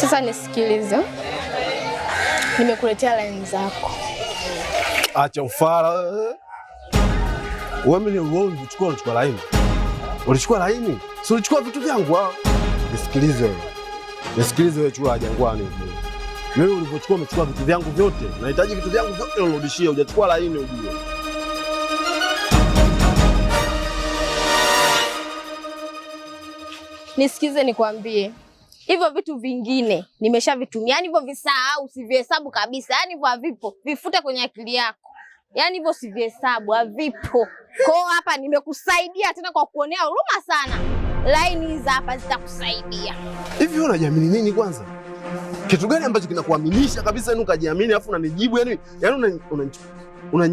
Sasa nisikilize, nimekuletea laini zako. Acha ufara eh. wewe, mimi chukua, unachukua laini, ulichukua laini, si ulichukua vitu vyangu. Ah? Nisikilize wewe, nisikilize wewe, chura jangwani. Wewe ulivyochukua umechukua vitu vyangu vyote, nahitaji vitu vyangu vyote unirudishie, hujachukua laini ujue. Nisikize nikwambie hivyo vitu vingine nimeshavitumia, yani hivyo visahau, sivihesabu kabisa, yani hivyo havipo, vifute kwenye akili yako, yani hivyo sivihesabu, havipo. hiyo hapa nimekusaidia tena kwa kuonea huruma sana, laini hizi hapa zitakusaidia. Hivi wewe unajiamini nini kwanza? Kitu gani ambacho kinakuaminisha kabisa yani ukajiamini, afu unanijibu yani yani